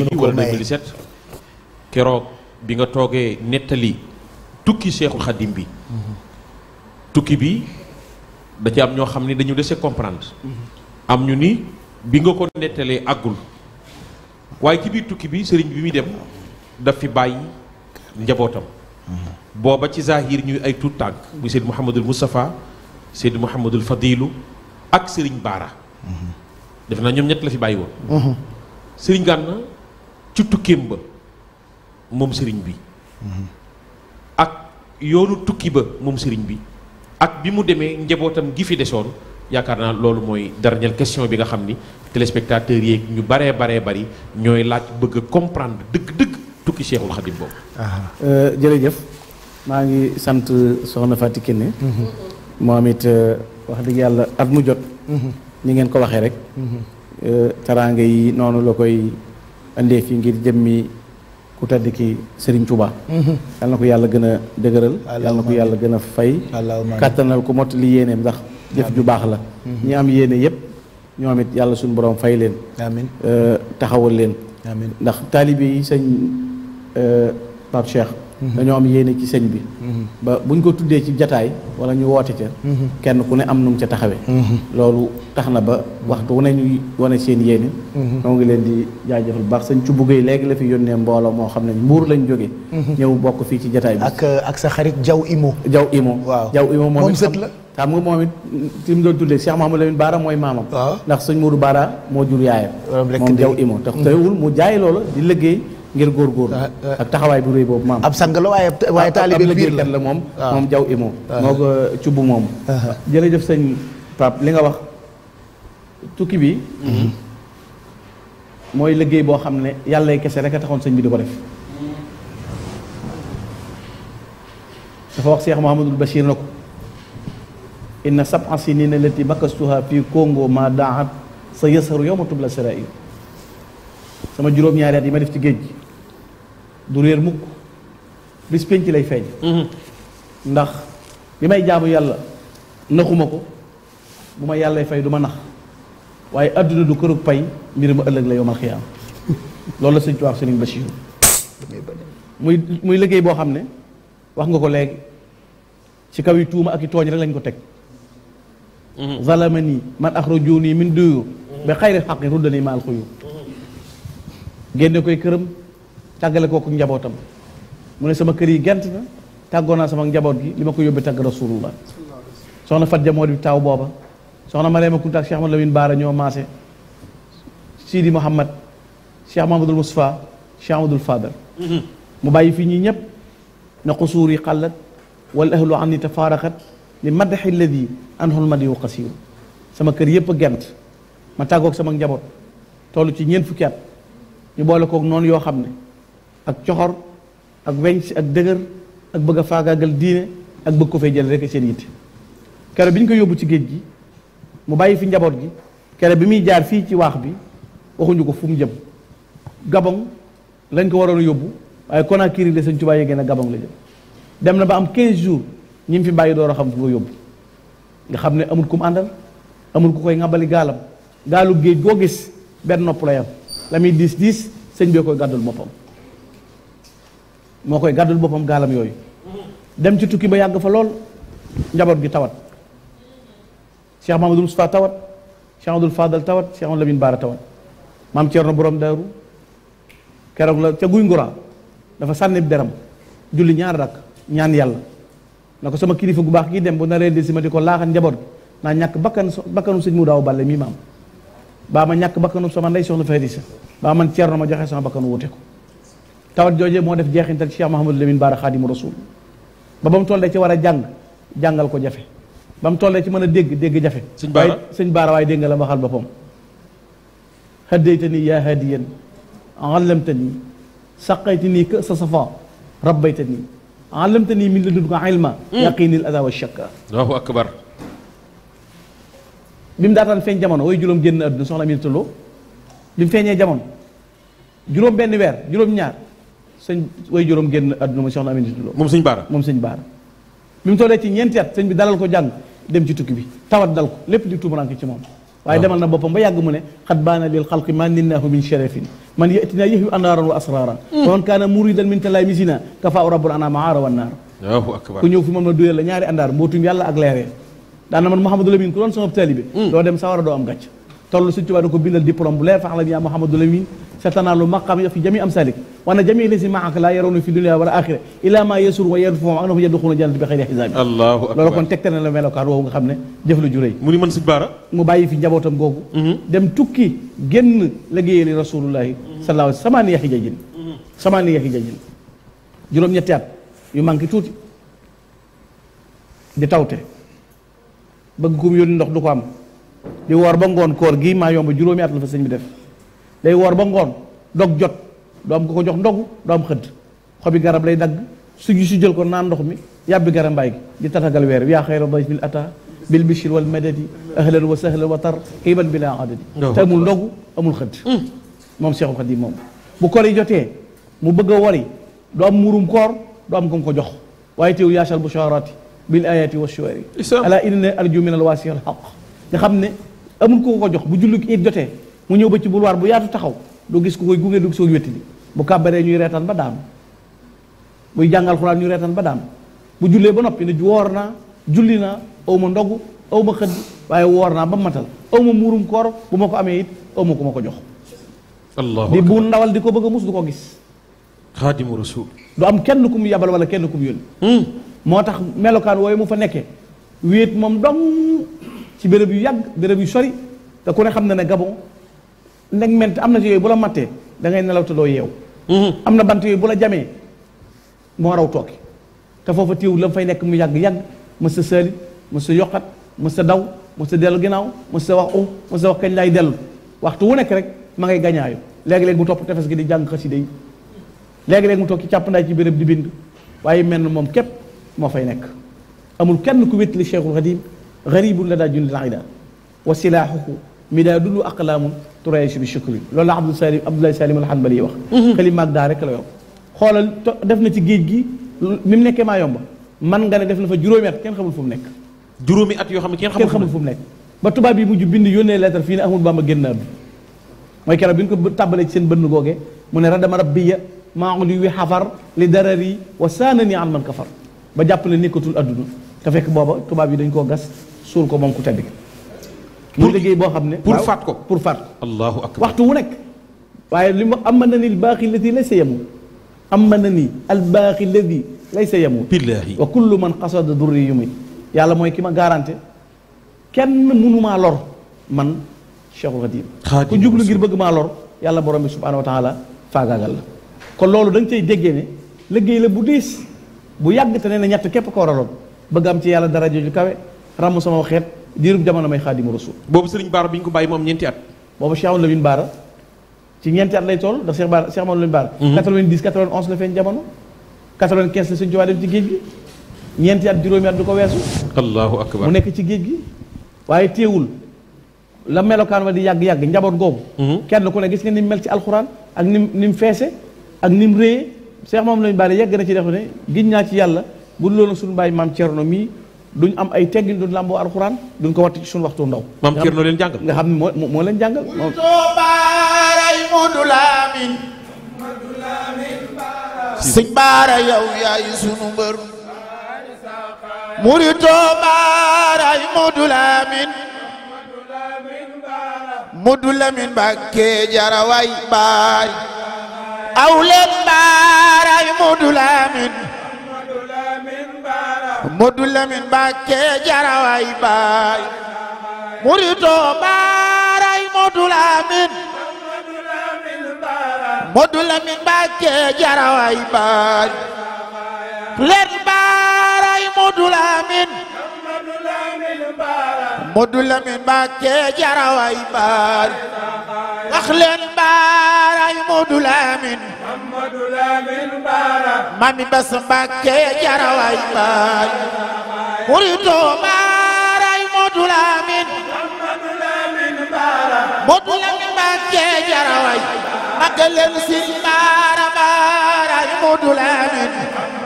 mënu ko wala 2007 keroog bi nga toogee nettali tukki Cheikhul Khadim bi. tukki bi da ca am ñoo xam ne dañu dese comprendre. am ñu ni bi nga ko nettalee àggul waaye ci biir tukki bi sëriñ bi muy dem daf fi bàyyi njabootam. booba ci zahir ñuy ay tuut tànk bu Seyd Mouhamadul Moustapha Seyd Mouhamadul Fadilu ak sëriñ Baara. Mhm. def naa ñoom ñett la fi bàyyi woon. Mhm. ci tukkeem ba moom sëriñ bi ak yoonu tukki ba moom sëriñ bi ak bi mu demee njabootam gi fi desoon yaakaar naa loolu mooy dernière question bi nga xam ni téléspectateurs yeeg ñu baree baree bari ñooy laaj bëgg a comprendre dëkk dëgg tukki Seexul Xadim boobu. Euh, jërëjëf maa ngi sant soxna Faty Kiné mm-hmm. moom it euh, wax dëgg yàlla at mu jot. ñi mm-hmm. ngeen ko waxee rek. Mm-hmm. Euh, teraanga yi noonu la koy. andee fi ngir jëmmi ku tedd ki Serigne Touba. Mhm. yal na ko yàlla gën a dëgëral. yal na ko yàlla gën a fay. kàttanal ko mot li yéeneem ndax jëf ju baax la. Mhm. ñi am yéene yëpp ñoom it yàlla suñu borom fay leen. amiin euh, taxawal leen. amiin ndax taalibe yi sëñ. Euh, Pape Cheikh. dañoo am yéene ci sëñ bi. Mhm. ba buñ ko tuddee ci jataay wala ñu woote ca. Mhm. kenn ku ne am nu mu ca taxawee. Mhm. loolu tax na ba waxtu wu ne ñuy wane seen yéene. ñoo ngi leen di jaajëfal baax la fi yónnee mbooloo moo xam ne mbuur lañ jógee. ñëw bokk fii ci jataay bi. ak ak sa xarit Jaw Imo. Jaw Imo waaw Jaw Imo moom sët la xam nga moom it ci mu doon tuddee Cheikh Mahamadou Lamine Baara mooy maamam. ndax sëñ Mourou Baara moo jur yaayam. moom Jaw Imo tax teewul mu jaay loola di liggéey ngir góorgóorlu ah, ah. ak taxawaay bu réy boobu maam ab sang la waaye waaye biir la moom moom jaw imo ah. moo ko cubb moom jërëjëf sëñ Pape li nga wax tukki bi mhm. mooy liggéey boo xam ne yàllay kese rek a taxoon sëñ bi di ko def dafa wax Cheikh Mouhamadul Bachir na ko inna sab'a sinina lati makastuha fii Congo ma daat sa yësaru yow ma tubla sarair sama juróom-ñaari at yi ma def ci géej gi du réer mukk bis penc lay feeñ mhm. ndax bi may jaamu yàlla naxuma ko bu ma yàlla fay du ma nax waaye adduna du kërug pay mbir ma ëllëg la yomal xiyaam loolu la sëñ Tuubaa sëriñ Bachir muy muy liggéey boo xam ne wax nga ko léegi ci kaw tuuma ak i tooñ rek lañ ko teg mhm. zalamani man axrajuni min duyur ba xayri xaqi ruddani maal xuyur mhm. génne koy këram tàggale kooku njabootam mu ne sama kër yi gent na tàggoo naa sama njaboot gi li ma ko yóbbee tàgg rasulullah soxna Fat Jamoo di taw booba soxna Mariama Kunta ak Cheikh Ahmad Lamine Baara ñoo maase Sidi Mouhamad Cheikh mm-hmm. mu bàyyi fi ñii ñëpp na xusuur yi xàllat wal ahlu an ni tafaaraxat li madaxi ladi anhul madi wa qasiru sama kër yëpp a gent ma tàggoog sama njaboot toll ci ñeent fukki at ñu boole koog noonu yoo xam ne ak coxor ak weñs ak dëgër ak bëgg a faagaagal diine ak bëgg ko fay jël rek seen yitte kere bi ñu ko yóbbu ci géej gi mu bàyyi fi njaboot gi kere bi muy jaar fii ci waax bi waxuñu ko fu mu jëm gabon lañ ko waroon yóbbu waaye Conakry la sëñ Tuubaa yéegee na gabon la jëm dem na ba am 15 jours ñi mu fi bàyyi doo a xam fu ko yóbbu nga xam ne amul ku mu àndal amul ku koy ngabali gaalam gaalu géej goo gis benn nopp layam la muy diis diis sëñ bee koy gàddul boppam moo koy gàddul boppam gaalam yooyu dem ci tukki ba yàgg fa lool njaboot gi tawat Cheikh Mamadou Moustapha tawat Cheikh Abdoul Fadal tawat Cheikh Amadou Lamine Baara tawat maam Thierno borom daaru keroog la ca guy nguraan dafa sànni deram ñaan yàlla na ko sama kilifa gu baax gi dem bu na reen di si ma ko laaxan njaboot gi naa ñàkk bakkan bakkanu mu daaw balle mii maam baa ma ñàkk bakkanu sama ndey soxna fay di sa baa man Thierno ma joxe sama bakkanu wute ko tawat jooje moo def jeexintal ci Cheikh Mahamadou Lamine Bara Khadimu Rasul ba ba mu tollee ci war a jàng jàngal ko jafe ba mu tollee ci mën a dégg dégg jafe waaye sëñ Bara waaye dégg nga la waxal boppam haddayta nii yaa hadiyan allamta nii saqayta nii ka sa safa rabbayta nii allamta nii min ladunka ilma hmm. yaqinil ada wa shakka allahu akbar bi mu daataan feeñ jamono way juróom génn àdduna soxna mi tëlloo bi mu feeñee jamono juróom benn weer juróom ñaar sëñ way juróom génn àdduna mooy soxna Aminata Lo moom sëñ Baara moom sëñ Baara bi mu tollee ci ñeenti at sëñ bi dalal ko jàng dem ci tukki bi tawat dal ko lépp di tuumaranke ci moom waaye ah. demal na boppam ba yàgg mu ne xat baana lil xalqi maa ninnaahu min sharafin man yatinaa yëf yu anaaran wa asraran hmm. waman kaana muridan min talaay misina kafaa rabbul anaa maara wa naar ku ñëw fi moom na duyal la ñaari andaar mbootum yàlla ak leereen daana man Mouhamadou Lamine ku doon sama taalibe hmm. doo dem sawara doo am gàcc toll sëñ Tuubaa da ko bindal diplôme bu leer faxlam yaa Mouhamadou Lamine satanaalu maqaam fi jami am salik wa anna jami lasi maaka laa yarawna fi dunia wala axira illa ma yasur wa yanfuhum annahum yadxuluna jannata bi xayri xisaabi allahu akbar loolu kon tegtal na la melokaan xam ne jëf la juréy mu ni man sëñ baara mu bàyyi fi njabootam googu mm-hmm. dem tukki génn liggéeyal li rasulullahi mm-hmm. sallallahu alayhi samaaniya xijajin mm-hmm. samaaniya xijajin juróom-ñetti at yu manqué tuuti di tawte bëgg ku mu ndox du ko am di woor ba ngoon koor gi maa yomb juróomi at la fa sëñ bi def day woor ba ngoon dog jot doo am ko ko jox ndogu doo am xëdd xobi garab lay dagg su gi su jël ko naan ndox mi yàbbi garam mbaay di tatagal weer yaa xayra dayfin ataa bil wa sahlan wa tarxiiban bilaa adadi te amul ndogu amul xëdd mm. moom Seexul Xadiim moom bu kor mu bëgg a wari du am murum koor du ko jox waaye teew yaasal busharati bil ayati wa shuari ala nga xam ne amul ko ko jox bu julli it jotee mu ñëw ba ci boulevard bu yaatu taxaw doo gis ku koy gunge du gis ko wéttali bu kàbbaree ñuy reetaan ba daanu muy jàngal xuraan ñuy reetaan ba daanu bu jullee ba noppi ne woor naa julli naa aw ma ndogu aw ma xëdd waaye woor naa ba matal aw ma muurum koor bu ma ko amee it aw ma ku ma ko jox di bu ndawal di ko bëgg a mus du ko gis xaadimu rasul du am kenn ku mu yabal wala kenn ku mu hmm. moo tax melokaan wooyu mu fa nekkee wéet moom dong ci béréb yu yàgg béréb xam na ne Gabon nag ment am na ci yooyu bu la mattee da ngay nelaw te doo yeew mm-hmm. am na bant yooyu bu la jamee moo raw tooke te foofa tiiw la fay nekk mu yàgg-yàgg ma sa saalit ma sa yoqat ma sa daw ma sa dellu ginnaaw ma sa wax um, u ma sa wax kañ lay dellu waxtu wu nekk rek ma ngay gañaayu léegi-léegi mu topp tefes gi di jàng xasida yi léegi-léegi mu toog ci càppandaay ci béréb di bind waaye mel na moom képp moo fay nekk amul kenn ku wéttali cheikhul xadim garibun la daa jundi laida wa silaahuhu midaadulu Quraysh bi shukri loolu la Abdou Salim Abdoulaye Salim al-Hanbali wax. xalima mhm. ak daa rek la yow. xoolal def na ci géej gi ni mu nekkee maa yomba man nga ne def na fa juróomi at kenn xamul fu mu nekk. juróomi at yoo xam ne kenn xamul fu mu nekk ba tubaab yi mujj bind yónnee lettre fii ne Ahmadu Bamba génn na mooy keroog bi ñu ko tàbbalee seen bënn googe mu ne radama rabbiya maa ngi wi xafar li darari wa saanani an man kafar ba jàpp ne nekkatul adduna te fekk booba tubaab yi dañ koo gas suul ko moom ku tedd muy liggéey boo xam ne. pour faat ko pour faat ko. allahu akbar waxtu wu nekk. waaye li mu am na ni albaaxi alladi laysa yamut am na ni albaaxi alladi laysa yamut. billaahi wa kullu man qasada durri yumit yàlla mooy ki ma garanté kenn mënumaa lor man Cheikh Khadim. ku jublu ngir bëgg maa lor yàlla borom bi subhaanahu wa taala faagaagal la. kon loolu da nga cay déggee ne liggéey la bu diis bu yàgg te ne na ñett képp ko waraloon bëgg am ci yàlla dara jooju kawe ramu sama xeet. diirub jamono may xaadimu rasul boobu sëriñ Baara bi ñu ko bàyyi moom ñeenti at. boobu Cheikh Amadou Lamine Baara ci ñeenti at lay toll ndax Cheikh Baara Cheikh Amadou Lamine Baara. 90 mhm. 91 la feeñ jamono. 95 du ko weesu. allahu akbar mu nekk ci géej gi. waaye téewul la melokaan wa di yàgg-yàgg njaboot googu. Mhm. kenn ku ne gis nga ni mu mel ci alxuraan ak ni mu ni mu feese ak ni mu réyee Cheikh moom lañu Baara yegg na ci def ne gis naa ci yàlla bu loolu suñu bàyyi maam Thierno mii duñ am ay teggin duñ làmboo alxuraan duñ ko watt ci suñu waxtu ndaw. maam Thierno leen jàngal nga xam ne moo moo baaray Modou Lamine. Modou Lamine baara. sëñ baara yow yaay sunu mbër. murito baaray Modou Lamine. aw leen baaray Modou Lamine. Modou Lamine Mbacké jaraway baay murito baaray baaray Modou Lamine Modou Lamine Mbacké jaraway baay wax baaray Modou Lamine mami bas Mbàkke jaraway baay murito baaray Modou Lamine Modou Lamine Mbàkke jaraway magal leen sin baara baaray Modou Lamine